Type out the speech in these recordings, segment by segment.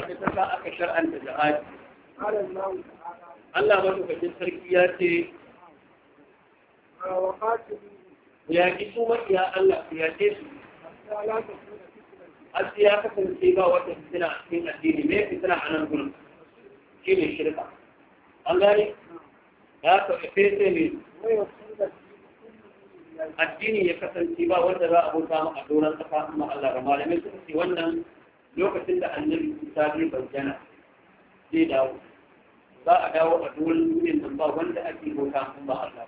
hikimar da ta sa aka shar'anta jihadi Allah ba lokacin sarki ya ce ya ki su makiya Allah ya ce su Asi ya kasance ba wata fitina a cikin addini me fitina a nan gudun shi ne shirka an gane ya ka fese ne addini ya kasance ba wanda za a bauta ma a doron kasa kuma Allah ga malamai suka ce wannan lokacin da annabi Musa bai bayyana zai dawo za a dawo a dole duniyar nan ba wanda ake bauta kun ba Allah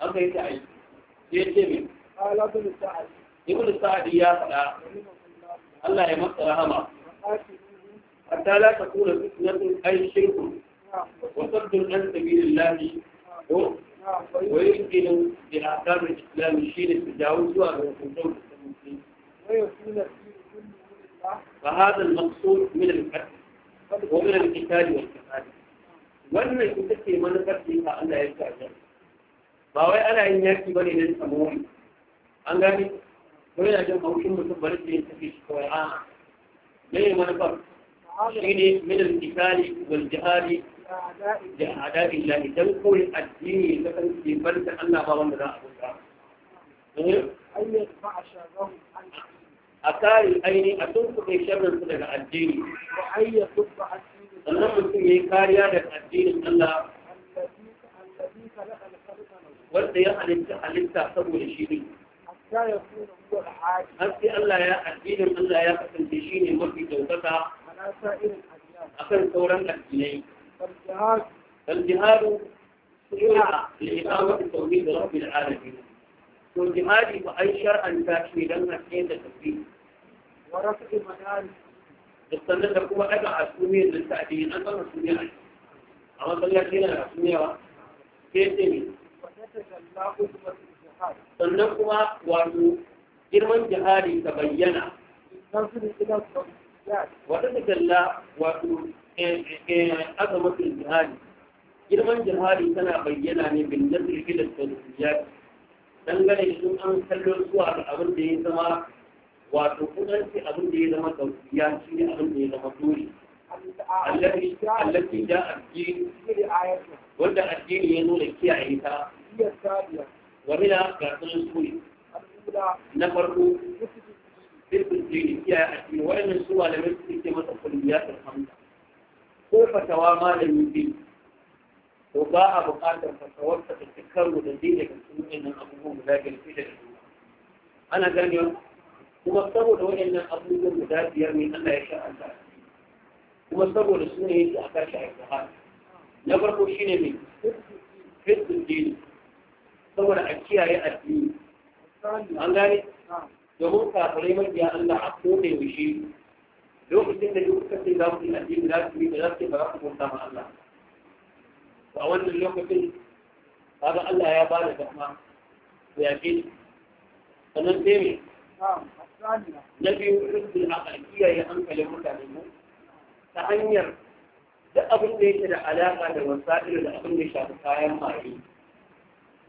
an kai ta aiki sai ce me alatul sa'ad ibnu sa'ad ya faɗa Allah ya masa rahama hatta la takuna fitnatun ay shirkun wa saddun an sabilillahi wa yuqilu bi ahkam al-islam shi ne su dawo zuwa ga hukuncin فهذا المقصود من الفتح ومن القتال والكفاله وان يفتكر من فتحها ان لا يرجع جنبه باوي انا ان يكتب لي من سموم ان غادي وين اجي اوشم متبرد في التفكير شكوي اه من المنفر يعني من القتال والجهاد لاعداء الله تنقل الدين لكن في بلد الله بلد الله بلد الله بلد الله a kare aini a tuntuɓe sharrinsu daga addini sannan mutum ya yi kariya daga addinin Allah wanda ya halitta halitta saboda shi ne har sai Allah ya addinin Allah ya kasance shi ne mafi daukaka a kan sauran addinai فالجهاد سئل لإقامة التوحيد رب العالمين Kun jihadi ba a yi shar'anta shi don a da tafi wa rafi manari da sannan da kuma daga asumiyar da ta ajiye an san asumiyar a a matsalaci yana da asumiyawa sai ce ne sannan kuma wato girman jihadi ta bayyana waɗanda talla wato eh, eh, eh, aka mafi jihadi girman jihadi tana bayyana ne bin nasir filistin jihadi dangane da sun an kallon zuwa ga abin da ya zama wato kudanci abin da ya zama tausiya shi ne abin da ya zama dole allafi allafi da addini wanda addini ya nuna kiyaye ta wamina ga sun suri na farko sirrin jini kiyaye addini wa'annan su malamai suke masa kulliyar hamda ko fatawa malamin biyu to ba a buƙatar fasawarsa da ta karo da zai daga cikin nan abubuwan guda biyar sai da juna ana ganewa kuma saboda waɗannan abubuwan guda biyar ne Allah ya sha'anta kuma saboda su ne yake a shi a yasa na farko shi ne mai fitin dini saboda a kiyaye addini an gane domin kafirai mabiya Allah a kone yaushe lokacin da duk kasai za su yi addini za su yi da za su yi ba za su bauta ma Allah a wannan lokacin kaga Allah ya bada dama ya ke sannan sai me na biyu rufin a kiyaye hankalin mutane mu ta hanyar da abin da yake da alaƙa da wasa'ir da abin da shafi kayan maye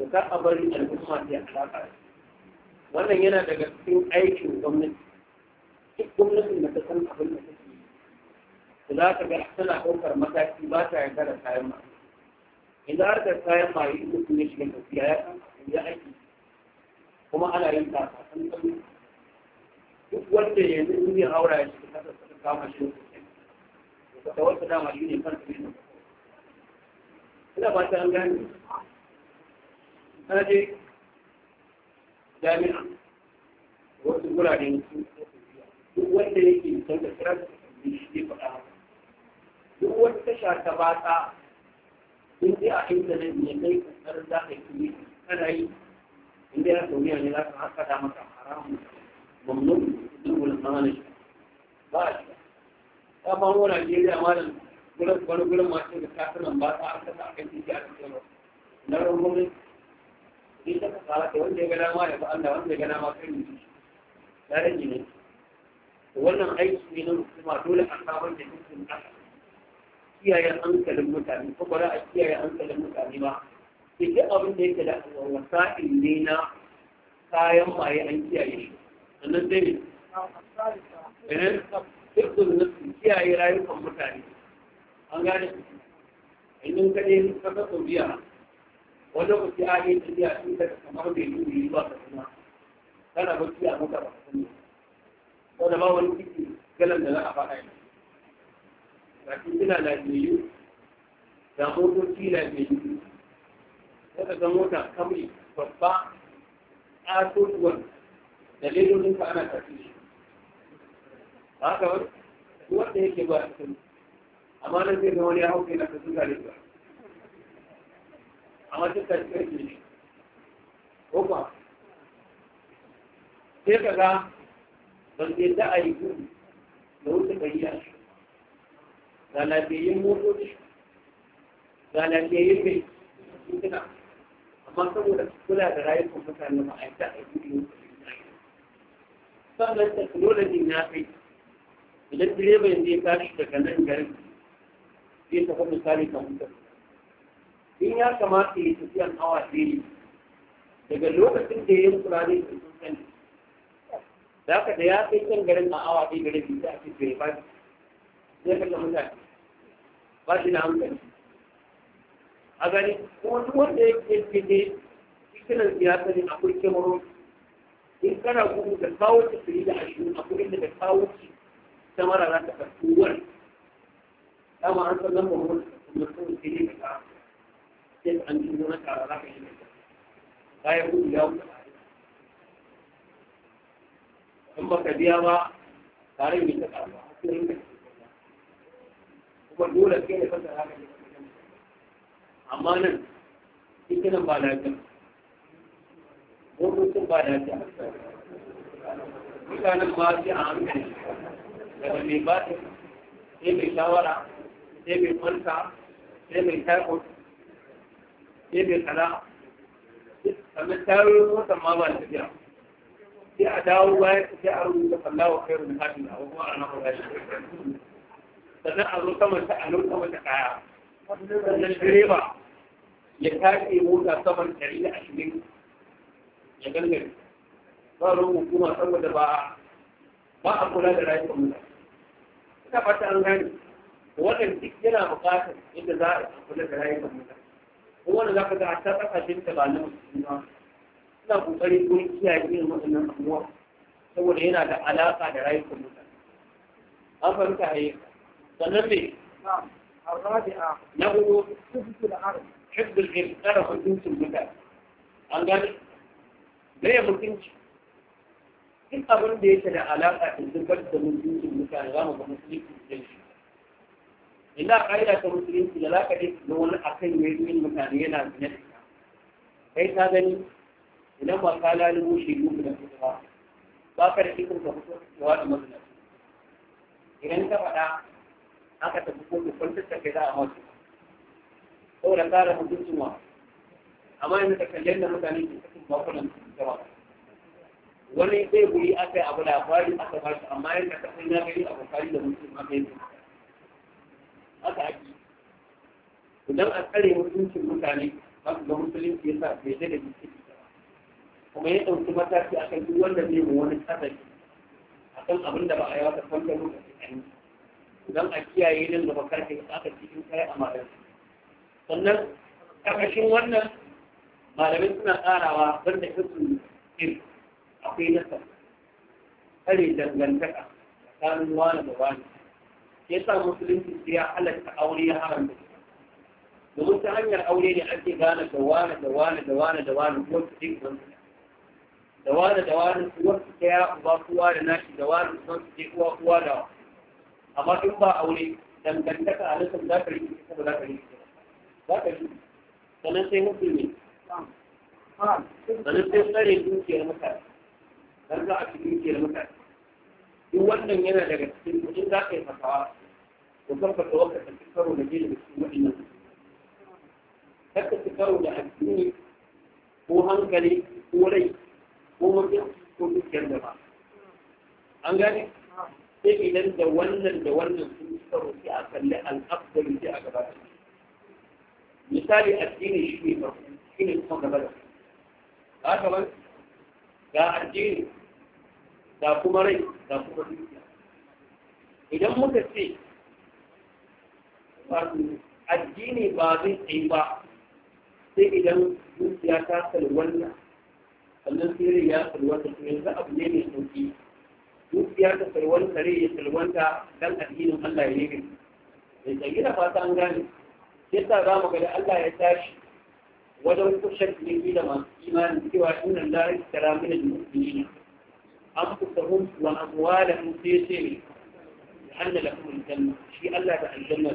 da ka a bari al'umma ta alaƙa wannan yana daga cikin aikin gwamnati duk gwamnatin da ta san abin da take yi za ka ga tana ɗaukar mataki ba ta yarda da kayan maye idan har da kayan maye da sun yi shiga tafiya ya kan ya aiki kuma ana yin ta duk wanda yanzu in ya haura ya shiga kasar suka kama shi da wata dama shi ne kan su ina ba ta an gani ana je jami'a wasu guraren su duk wanda yake san da kiran shi ne faɗa duk wata tasha ta ba ta in dai a intanet ne kai kokarin za ka yi kana yi in dai a duniya ne za ka haka da maka haramun mamnun dubul manaj ba shi ta ba mu Najeriya ma da gurin wani gurin masu da kasuwan ba ta aka ta akan titi a cikin na rungumin in ta kasa ta wanda ya gana ma ya ba Allah wanda ya gana ma kai ne ya rage ne wannan aiki ne na musulma dole a sabon da dukkan ƙasa kiyaye hankalin mutane ko ba a kiyaye hankalin mutane ba sai duk abin da yake da wasa'in ne na kayan maye an kiyaye shi sannan zai ne Idan eh na da kiyaye rayukan mutane an gane idan ka je ka ka biya wanda ku ci ayi tafiya sun daga kamar bai yi ba ka kuma kana bacci a mutane ba wani kiki galan da za a faɗa yanzu ga tituna lafiyayyu ga motoci lafiyayyu daga ga mota kamri babba ƙatotuwan da lalolin ana tafi shi ba haka wani wanda yake ba a cikin amma nan zai ga wani ya hau ìgbà na ka zuga amma duk shi ko ba sai ka ga ban yadda a yi gudu da ga lafiyayyun motoci ga lafiyayyun mai mutuna amma saboda kula da rayukan mutane ba a yi ta a yi sannan technology na kai idan direba yanzu ya tashi daga nan garin zai tafi misali kamfuta in ya kamata ya tafi an awa ɗaya daga lokacin da ya yi kurare da sun sani da aka da ya kai can garin a awa ɗaya garin da ake direba يقول له لا قاتل عمدا أبني wanda yake cikin cikin siyasa ne akwai kyamarun in kana gudu da kawo ci fili da ashirin akwai inda da kawo ci ta mara za ta karfi wani dama an san lambar wani mutum ke ne ka sai an ji wani tara za ka yi mai kayan gudu ya wuce in baka biya ba tare ne ta karfa ko dole kai ne fasa haka ne amma nan ita nan ba lafiya mutum ba lafiya mutanen ba su a hankali daga mai ba sai mai shawara sai mai kwanta sai mai taifot sai mai kala sannan tayoyin watan ma ba tafiya sai a dawo bayan sai a rubuta sallawa kai rubutun hatin a kuma a ba shi sannan a zo saman ta a saman ta kaya sannan direba ya tashi mota saman ɗari da ashirin ya gangare ba ruwan hukuma saboda ba ba a kula da rayuwar mutane ina fata an gane wannan duk yana buƙatar yadda za a kula da rayuwar mutane wanda za ka ga a ta ƙasashen ta ba na musulmi ina ƙoƙari ko kiyaye irin waɗannan abubuwa saboda yana da alaƙa da rayuwar mutane an fahimta a yi sannan ne na hudu hibdul ilm tsara hukuncin mutane an gane me ya mutunci duk abin da yake da alaƙa da zubar da mutuncin mutane za mu ga musulunci da shi ina ƙa'ida ta musulunci da za ka dai da wani akan yayin mutane yana zina kai ta gani idan ba ka lalubo shi yi da fitowa ba ka da ikon ka fito fitowa da mazina idan ka faɗa aka tafi kotu kwantar da kai za a hausa saboda kare hukuncin wa amma yanzu ka kalli yadda mutane ke cikin bakunan jama'a wani zai guri aka yi abu labari aka ba shi amma yadda ka san ya gani abu kari da mutum aka yi aka ake idan a tsare mutuncin mutane ba su ga musulunci ya sa bai da jiki kuma ya ɗauki mataki akan duk wanda zai mu wani tsaraki akan abin da ba a yi wata kwantar lokaci don a kiyaye nan gaba karfe ka tsaka cikin kai a malam sannan ƙarƙashin wannan malamai suna tsarawa banda hisu ir akwai nasa tsare dangantaka tsakanin wani da wani ya sa musulunci sai ya halatta aure ya haramta domin ta hanyar aure ne ake gane da wani da wani da wani da wani ko su ɗin wani da wani da wani su wasu ta ya uba kuwa da nashi da wani su wasu ta uwa kuwa da wani amma in ba aure dangantaka a nan za ka rikice ta ba za ka rikice za ka rikice sannan sai mutum ne sannan sai tsare dukiyar mutane dan za a ci dukiyar mutane duk wannan yana daga cikin kudin za ka yi fasawa ko kan fasawa ka tafi karo da jini da cikin waɗannan kar ka karo da addini ko hankali ko rai ko mutum ko dukiyar da ba an gane sai idan da wannan da wannan sun suka roƙi a kalli al'abdar da a gaba da misali addini shi ne farko shi ne kuma gaba da haka ba ga addini ga kuma rai ga kuma dukiya idan muka ce addini ba zai tsayi ba sai idan dukiya ta wannan, sannan sirri ya salwanta to yanzu abu ne mai sauki dukiya ta salwan kare ya salwanta don addinin Allah ya yi bai tsayi da fata an gane yasa za mu ga da Allah ya tashi wajen kushen jirgi da masu imanin cewa inna lillahi wa inna ilaihi raji'un an kusahum wa amwalahum sai sai ne anna lahum aljanna shi Allah da aljanna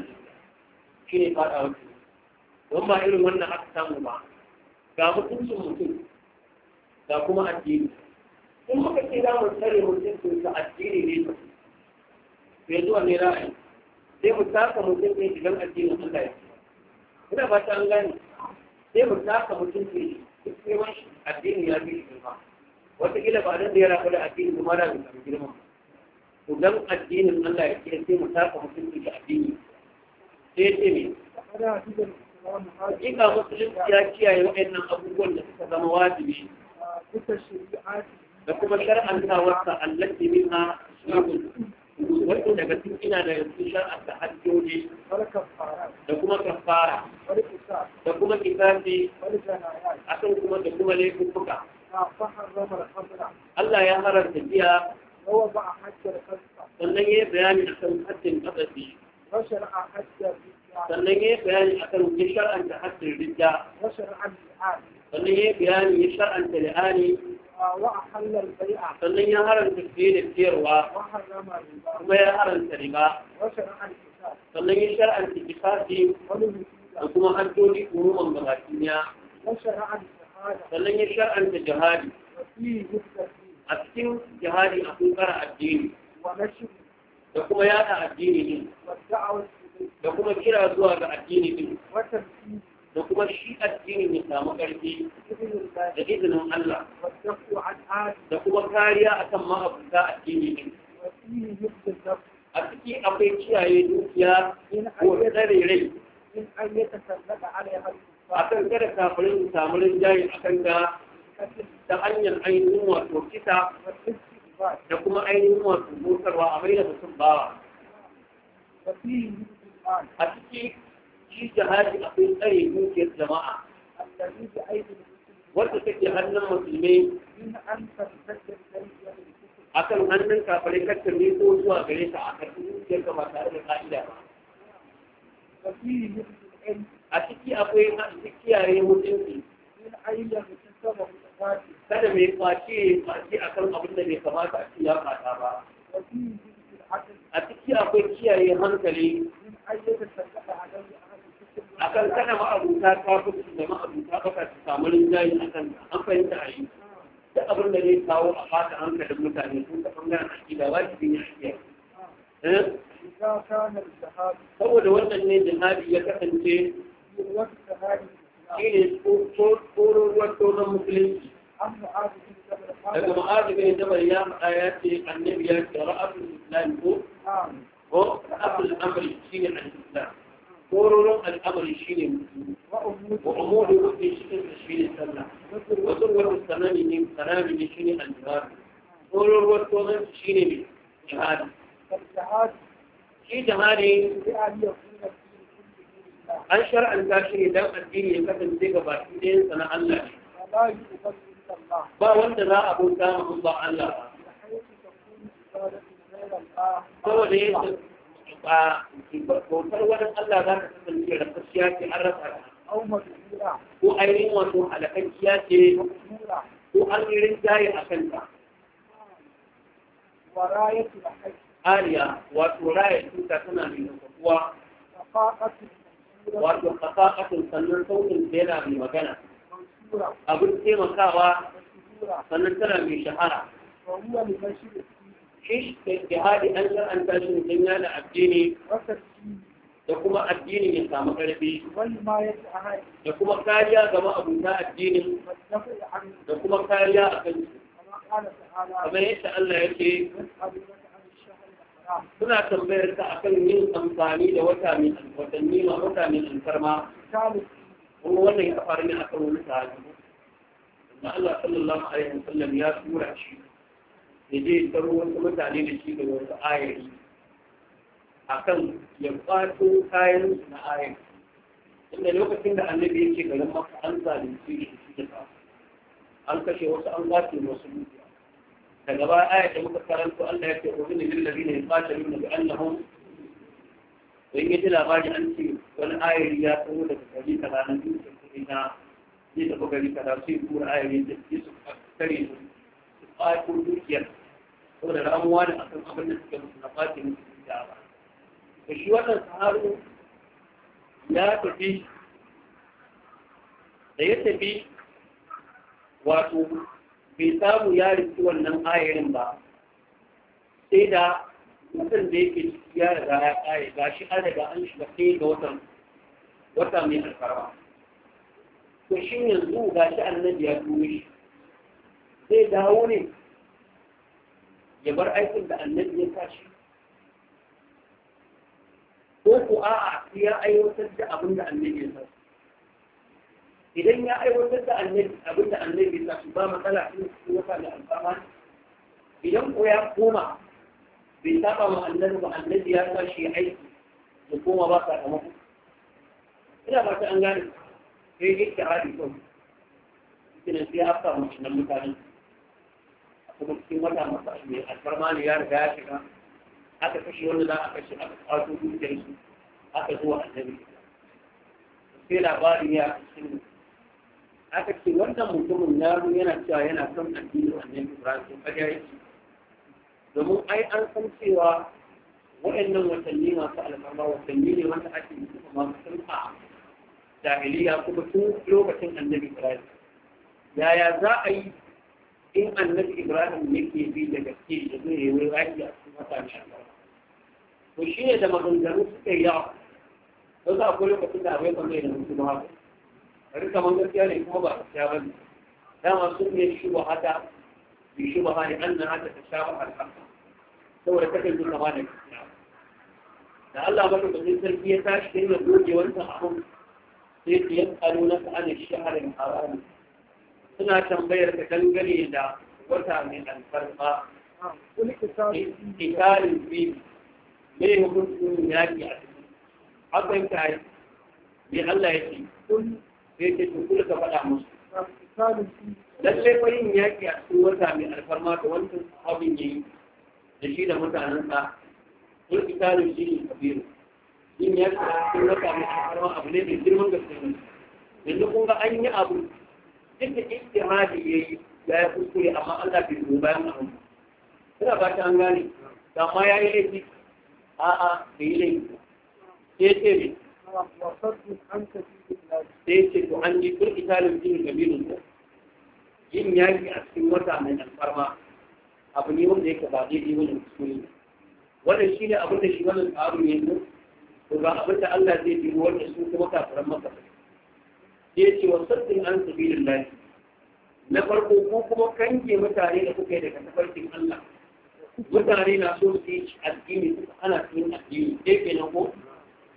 shi ne fada wata don ba irin wannan aka samu ba ga mutuncin mutum ga kuma addini in muka ce za mu tsare mutum su addini ne bai zuwa ne ra'ayi sai mu taka mutum ne idan addini Allah ya ina ba ta an gani. sai mu taka mutum ne kirman shi addini ya fi shi girma wataƙila ba nan da ya rafa da addini kuma da bai samu girma to dan addinin Allah ya ce sai mu taka mutum ne addini sai ce ne Hakika musulunci ya kiyaye waɗannan abubuwan da suka zama wajibi. da kuma shar'antawarsa allati minha wato daga cikin ina da yanzu shar'anta hajjoji da kuma kafara da kuma kisafi a kan kuma da kuma laifuka Allah ya haramta biya sannan ya yi bayani a kan hajjin ƙasashe sannan ya yi bayani a kan ya shar'anta hajjin rida sannan ya yi bayani ya shar'anta li'ani sannan ya haranta fiye da siyarwa kuma ya haranta riba sannan ya shar'anta kifafi da kuma hajjoli umuman bakatuniya sannan ya shar'anta jihadi a cikin jihadi a kunkara addini da kuma yada addini ne da kuma kira zuwa ga addini ne kuma shi addinin ya samu ƙarfi da izinin Allah da kuma kariya akan ma'abuta addini ne a ciki akwai kiyaye dukiya ko tsare rai a kan kada kafirin samu rinjaye a kan ga ta hanyar ainihin wato kisa da kuma ainihin wato motarwa a mai da mutum bawa a ciki shi jihadi akwai tsare dukiyar jama'a wadda take hannun musulmi akan hannun kafirai kacce ne ko zuwa gare ta a kan dukiyar ka ba tare da ka'ida ba a ciki akwai masu kiyaye mutunci kada mai kwace kwace a kan abin da bai kamata a ciya kwata ba a ciki akwai kiyaye hankali akan kana ta kafin da ma'abuta baka su samu rinjayi a kan an fahimta a yi da abin da zai kawo a fata hankalin mutane sun ta bangaren aƙida ba shi bin ya aƙiya saboda wannan ne jihadi ya kasance shi ne tsoron tsoron musulunci daga ma'azu bin jabar ya faɗa ya ce annabi ya ce ra'atul islam ko ko ra'atul amri shi ne al-islam kororon al'amari shi ne wa umudu rufin cikin shi ne sallah wasu wani sanami ne sanami ne shi ne aljihar kororon tozon shi ne mai jihadi shi jihadi an shar'anta shi ne don addini ya kasance ga baki ɗayan sana Allah ne ba wanda za a bauta ma Allah ba saboda yadda karɓa bautar wani Allah za ta kasance rafashiya ce an rasa ta. Ko ainihin wato halakakkiya ce ko an yi rinjaye a kanta. Ariya wato raya tuta tana mai nufafuwa. Wato kafaƙatun sannan sautin da yana mai magana. Abin taimakawa sannan tana mai shahara. kish da jihadi an san an tashi mutum yana addini da kuma addini ya samu ƙarfi da kuma kariya ga ma'abuta addinin da kuma kariya a kan kamar yadda Allah ya ce suna tambayar ta akan yin amfani da wata mai watanni ma wata mai alfarma kuma wannan ya faru ne akan wani sahabi Allah sallallahu alaihi wasallam ya tura shi Yaje je wasu mutane da shi da wasu ayari a kan ya kwato kayan su na ayari inda lokacin da annabi yake garin maka an zalunci da shi da an kashe wasu an kwace wasu dukiya daga baya ayat da muka karanto Allah ya ce wa min lillazina yuqatiluna bi annahum to in yaji labari an ce wani ayari ya tsoro daga gari kaza da dukiya kuma na zai tafi gari kaza sai kura ayari da su kare su ƙwato dukiyar saboda ramuwa da akan abin da suke musu na ɓace musu dukiya ba da shi wannan saharu ya tafi da ya tafi wato bai samu ya rinci wannan ayarin ba sai da mutum da yake ciki ya riga ya kare ga shi an riga an shiga sai ga watan wata mai alfarma to shi yanzu ga shi annabi ya turo shi Sai dawo ne ya bar aikin da annabi ya tashi ko ku a'a a ya aiwatar da abin da annabi ya tashi idan ya aiwatar da annabi abin da annabi ya tashi ba matsala in su wata da alfama idan ku ya koma bai saba ma annabi ba annabi ya tashi aiki da koma ba sakamako ina ba ta an gane sai yake hadi kawai kina sai ya fara mutanen mutanen kuma cikin wata masu mai alfarma ne ya riga ya shiga aka kashe wanda za a kashe aka kwato dukiyar su aka zuwa annabi sai labarin ya cikin aka ce wannan mutumin na zo yana cewa yana son addinin annabi Ibrahim sun ƙarya yake domin ai an san cewa waɗannan watanni masu alfarma watanni ne wanda ake yi masu sunfa jahiliya kuma tun lokacin annabi Ibrahim yaya za a yi in annabi ibrahim yake bi da gaske da zai yi aiki a cikin mutane to shi ne da maganganu suka yi yawa don za a kuri mutum da abai kamar da mutum ba bari kamar gaskiya ne kuma ba gaskiya ba ne dama sun ne shi ba hada bi shi ba hada an na hada ta sha ba alhaka saboda takan yi kama da gaskiya da Allah ba da sarki ya tashi da yin dogewar ta abun sai ya tsaro na ta'anin shaharin haramun suna tambayar da dangane da wata mai alfarma ikalin biyu mai hukuncin yaƙi a ciki akwai kayi mai Allah ya ce kun zai ce tukul ka faɗa musu Lalle fa yin yaƙi a cikin wata mai alfarma da wancan abin ya yi da shi da mutanen sa kun ikalin shi ne kabiru yin yaƙi a cikin wata mai alfarma abu ne mai girman gaske yanzu kun ga an yi abu duk da ijtihadi yayi ya yi kuskure amma Allah bai zo bayan abu. ina ba ta an gane amma ya yi laifi a a bai yi laifi sai ce ne sai ce to an ji kun italin jinin gabirin ko yin yaki a cikin wata mai alfarma abu ne wanda yake ba daidai wani kuskure ne wannan shi ne abin da shi wannan tsarin yanzu to ga abin da Allah zai dubo wanda su kuma kafiran maka sai ce wa sabbin an sabilin lafi na farko ko kuma kange mutane da kuka yi daga tafarkin Allah mutane na so su yi addini su ana su yi addini sai na ko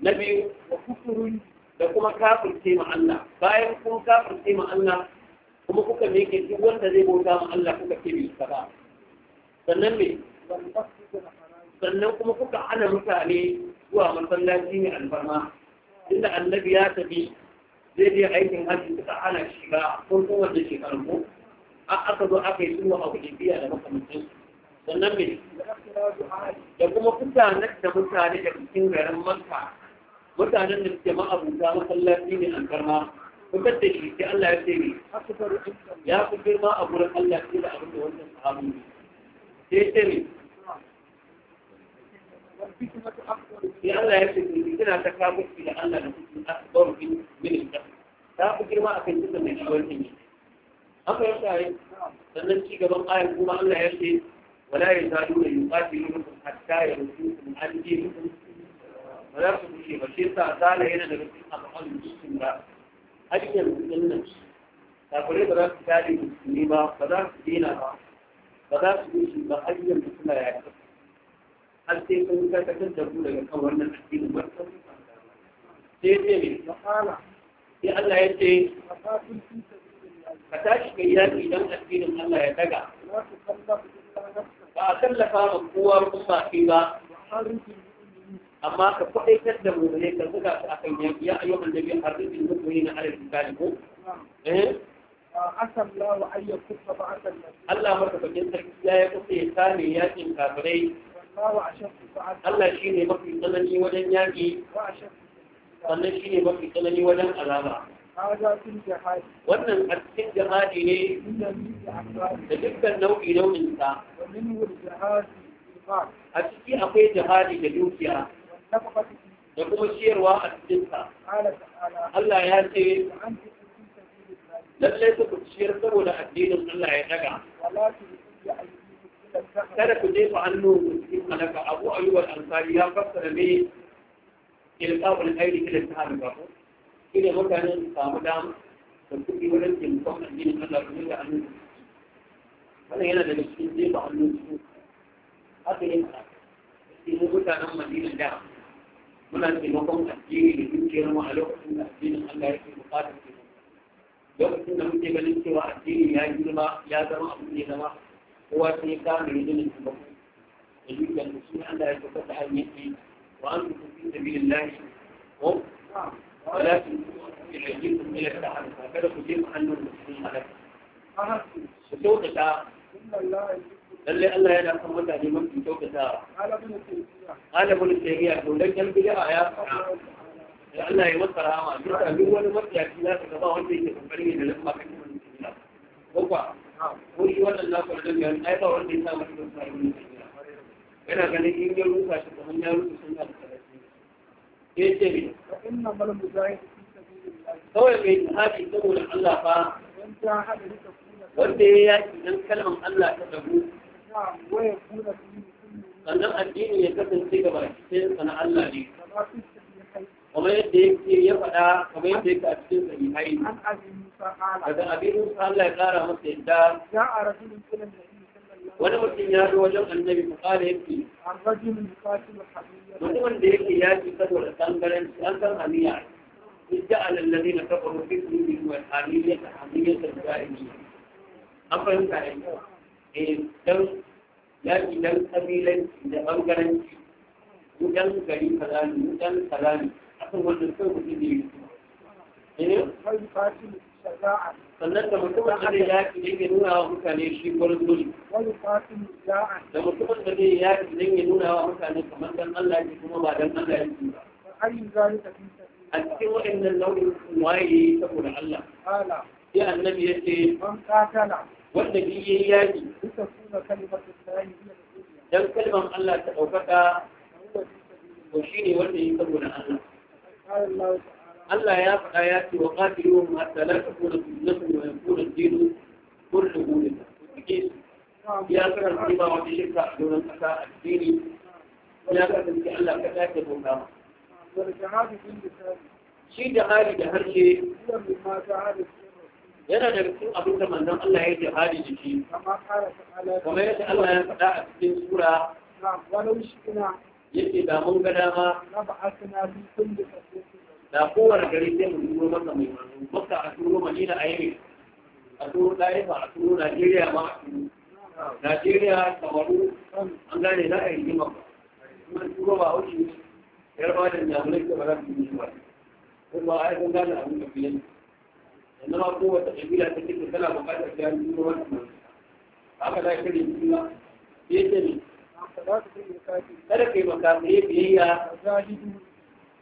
na biyu wa kusuru da kuma kafirce ma Allah bayan kun kafirce ma Allah kuma kuka meke duk wanda zai bauta ma Allah kuka ce bai ba sannan me sannan kuma kuka ana mutane zuwa masallaci ne alfarma inda annabi ya tafi zai je aikin hajji suka ana shiga kun kuma da shekaru ko aka zo aka yi a biya da sannan me da kuma mutanen da mutane da cikin garin Makka mutanen da suke ma'abuta masallaci ne an karma kuka da shi sai Allah ya ce ne ya fi girma a gurin Allah sai da abin da wannan sahabi ne sai ce ne sai Allah ya ce ni kina ta kawo ki da Allah da kuke akbar bin min da ta ku girma akan dukkan da shi wannan ne haka ya sai sannan ci gaban ayar kuma Allah ya ce wala yazaluna yuqatilukum hatta yuqimukum al-dinakum wala ku ce ba sai ta zala yana daga cikin al'amuran cikin ba hajjar nan kafirai ba za su gane musulmi ba ba za su dina ba ba za su yi shi ba hajjar suna yaƙi har sai ka karkatar da ku daga kan wannan addinin ba ta sai ce ne makala sai Allah ya ce ka tashi kai yaƙi don addinin Allah ya daga ba a tallafa ma kowa kuma shi ba amma ka kwaɗaitar da mu ne ka zuga su kan yaƙi ya ayyukan da biyan arzikin mutumini na arzikin galibu asan lawa Allah maka bakin sarki ya ya kusa ya kame yakin kafirai Allah shi ne mafi tsanani wajen yaƙi sannan shi ne mafi tsanani wajen azaba wannan a cikin jihadi ne da dukkan nau'i nau'in sa a ciki akwai jihadi da dukiya da kuma ciyarwa a cikin sa Allah ya ce lallai ku ciyar saboda addinin Allah ya daga kada ku jefa hannu cikin halaka abu ayyuwar ansari ya fassara me ilqa'ul khairi ila tahar ba ko ina mutanen samu dam da kuɗi wurin taimakon addinin Allah ku da hannu wannan yana daga cikin jefa hannu cikin haka yin sa cikin mutanen Madina da muna taimakon addini da dukiyar mu a lokacin da addinin Allah yake bukatar taimako lokacin da muke ganin cewa addini ya girma ya zama abu ne zama هو في كامل من الحكم يجب أن تسمع لا يتفتح المثل وأنتم في سبيل الله هم ولكن يجب من التحرك هكذا كتير أن المسلمين عليك وسوء تساء للي الله يلا قوة لمن في سوء تساء قال ابن التيمية يقول لك جنب يا الله يوصل أمام جدا هو المسيح في ذلك الله وانت يتكبرين لما كنت من الإسلام shi wannan na da biyar ai ba wanda ya sa da faru yana ganin in ya rusa shi ya rufe sun da karatu ya ce ne inna mai saboda Allah fa wanda ya yaki dan kalmar Allah ta dabu sannan addini ya kasance gaba cikin sana'ar Allah ne kamar yadda yake ya faɗa kamar yadda yake a cikin sahihai daga abin musa Allah ya kara masa yadda wani mutum ya zo wajen annabi mu kare yake mutumin da yake yaki saboda tangaren an san hamiya idda alallazi na kafa rufi su ne wa hamiya ta hamiya ta jahili an fahimta ne eh dan yaki dan kabilanci da bangaranci mu dan gari kaza ne dan kaza ne akan wannan kai mutum ne eh sannan da mutumin da zai yaki don ya nuna wa mutane shi gwarzoli da mutumin da zai yaki don ya nuna wa mutane kamar dan Allah ne kuma ba dan Allah ne ba a cikin waɗannan nau'in waye saboda Allah sai annabi ya ce wanda bi yayi yaki dan kalmar Allah ta ɗaukaka ko shi ne wanda yi saboda Allah Allah ya faɗa ya ce wa qatiluhum hatta la takuna fitnatun wa yakuna ad-dinu kulluhu lillah kike ya sanar da ba wata shirka a doron kasa addini ya kasance Allah ka dace bauta shi da hali da harshe yana da cikin abin da manzon Allah ya jihadi da shi kamar yadda Allah ya faɗa a cikin sura yake da mun ga dama da kowane gari sai mun turo masa mai manzo maka a turo madina a yi a turo ba a turo najeriya ma a turo najeriya kamaru an gane na a yi jima ba kuma turo ba wuce yar ba da nyamurai ke ba za su yi ba kuma a yi sun gane abin da fiye yanzu ma kowace ƙabila ta cikin tana bukatar ta yi turo masa haka na shirin yi jima ya ne kada kai makafiye biyayya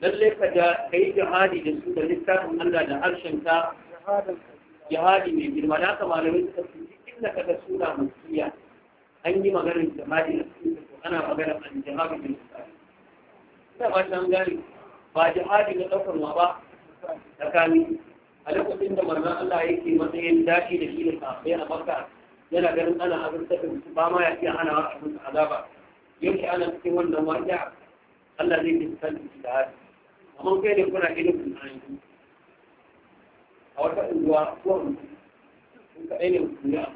lallai ka da kai jihadi da su da littafin Allah da harshen ka jihadi mai girma da haka malamai suka fi cikin da kaga sura makiya an yi maganar jihadi da su ana maganar an jihadi da su ina ba ta gani ba jihadi na ɗaukar ma ba tsakani a lokacin da manzon Allah yake matsayin dashi da shi da kafai a Makka yana ganin ana azurta ba ma ya iya hana wa abin azaba yake ana cikin wannan waƙiya Allah zai fiskar da istihadi amma kai da kuna ilimin an yi. a wata unguwa ko in ka ainihin musulmi a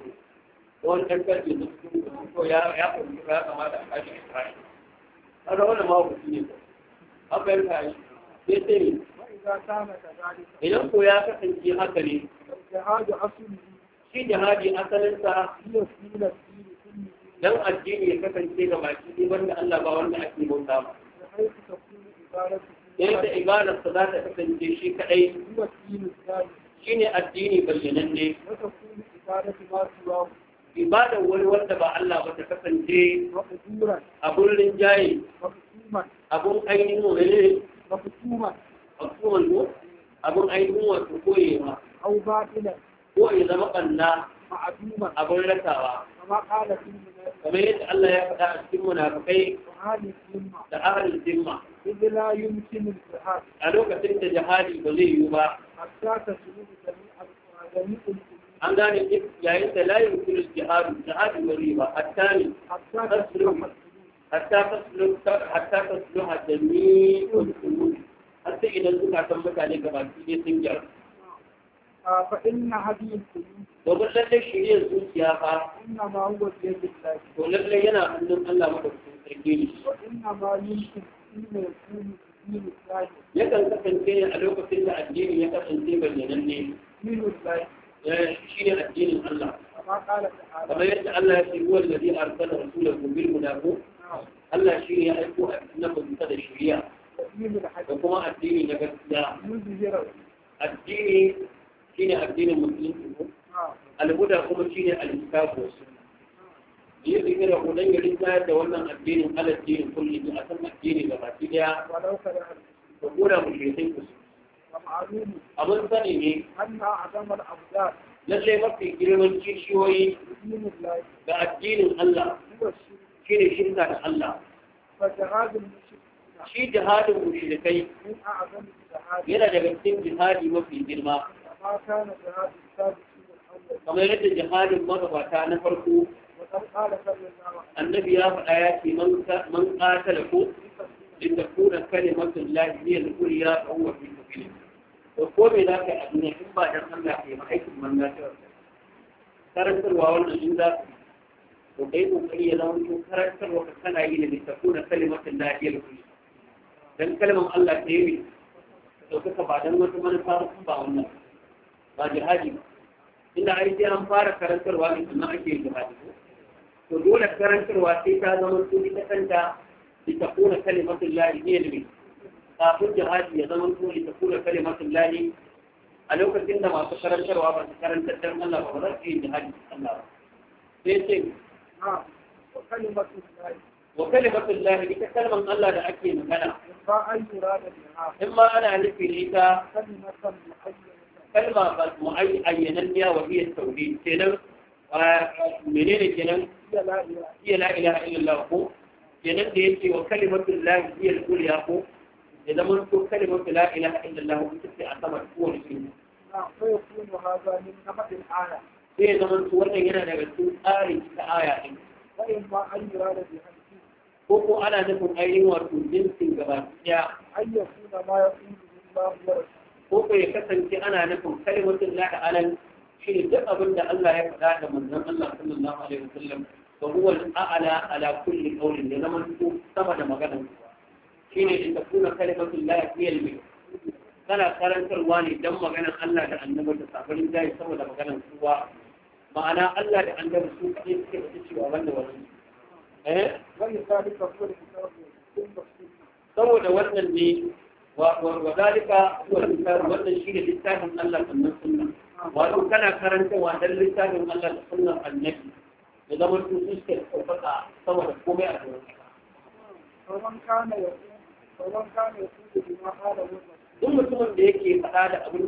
ko wani tattalin da musulmi ko ko ya ya fahimci ya kamata a kashe istihadi da wannan ma hukunci ne ko an bayar ka shi sai sai ne idan ko ya kasance haka ne shi jihadi asalinsa dan addini ya kasance ga baki ne wanda Allah ba wanda ake bauta ba yadda ibadarsa za ta kasance shi kadai shi ne addini ne. ibadar wani wanda ba Allah ba ta kasance abun rinjaye abun ainihin wani abun ainihin wato koyewa ko ya zama ɓanna ma'aduman abin rasawa kamar yadda Allah ya faɗa a cikin munafikai da ahalin zimma a lokacin da jihadi ba zai yiwu ba an gane yayin da layin kulus jihadu jihadi ba zai ba hatta ne hatta tasulu hatta hatta idan suka san mutane gabaki ne sun gyara ah, fa inna hadhihi al-qulub domin lallai shirya zuciya fa inna ma huwa fi to lallai yana hannun Allah madaukakin sarki ne ya kan kasance a lokacin da addini ya kasance bayyanan ne eh, shi ne addinin Allah kamar yadda Allah ya ce huwa alladhi arsala rasulahu bil munafiqin addinin ala addinin kulli bi akan addini ga baki daya to koda mu ke sai Abun abin sani ne anna adamar abdar lalle mafi girman kishiyoyi ga addinin Allah shi ne shirka da Allah shi jihadin mushrikai yana daga cikin jihadi mafi girma kamar yadda jihadin magabata na farko annabi ya faɗa ya ce man da ku. inda kuna kalimatun lahi ne da kuri ya ɗauwa fi tafiye to ko me za ka yi a duniya in ba dan Allah ka yi ma aikin manna ta karantarwa wannan in za ka to kai kokari ya zama to karantarwa ka kana yi ne da kuna kalimatun lahi da kuri dan kalmar Allah ta yi to kaka ba dan wata manufa ba wannan ba jihadi ba inda ai sai an fara karantarwa ne sannan ake jihadi ko تقول الكرنك الواسي هذا من كل تكنت لتكون كلمة الله هي نبي قابل جهادي يضمن كل تكون كلمة الله ألو كنت عندما تكرنك الواسي كرنك الترم الله فضل في جهادي الله بيسي نعم وكلمة الله وكلمة الله لك كلمة الله لأكي من هنا إما أنا ألف إليك كلمة مؤينة كلمة الله مؤينة وهي التوحيد سيدنا menene kenan iya la ilaha illallah ko kenan da yake wa kalimatul la hiya al-ulya ko ya zama to kalimatul la ilaha illallah ita ce a sama ko ne shi na ya zama to wannan yana daga cikin tsarin ta aya din ko ko ana nufin ainihin wato jinsin gaba ɗaya ayyukuna ma ya ko ko ya kasance ana nufin kalimatul la ilaha shi ne duk abin da Allah ya faɗa da manzon Allah sallallahu alaihi wasallam fa huwa al-a'la ala kulli qawlin da zaman su sama da magana shi ne in kuna kalimatu la yalmi kana karantarwa ne dan maganar Allah da annabi da sabarin dai saboda maganar kowa ma'ana Allah da annabi su kaɗai suke da cewa wanda wani eh saboda wannan ne وذلك هو الكتاب وذلك شيء لكتاب من الله سنة سنة ولو كان كرنت وذل لكتاب من الله سنة النبي إذا ما كنت تشكر فقط صور كومة أدوى ومن كان يقول ومن كان يقول duk mutumin da yake faɗa da abin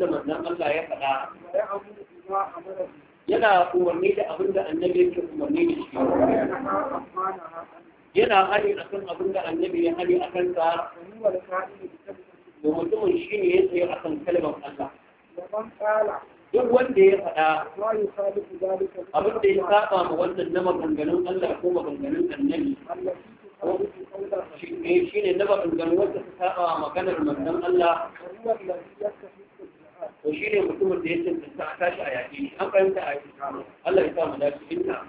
da ya faɗa yana umarni da abin da annabi yake umarni da shi yana hali akan abin da annabi ya hali akan ka to mutumin shi ne ya tsaye a kan kalmar Allah. Duk wanda ya faɗa abin da ya saba ma wannan na maganganun Allah ko maganganun annabi. Shi ne na maganganun wanda ta saba ma maganar manzon Allah. To shi ne mutumin da ya cancanta a tashi a yaƙi an fahimta a yaƙi. Allah ya sa mu dace inna.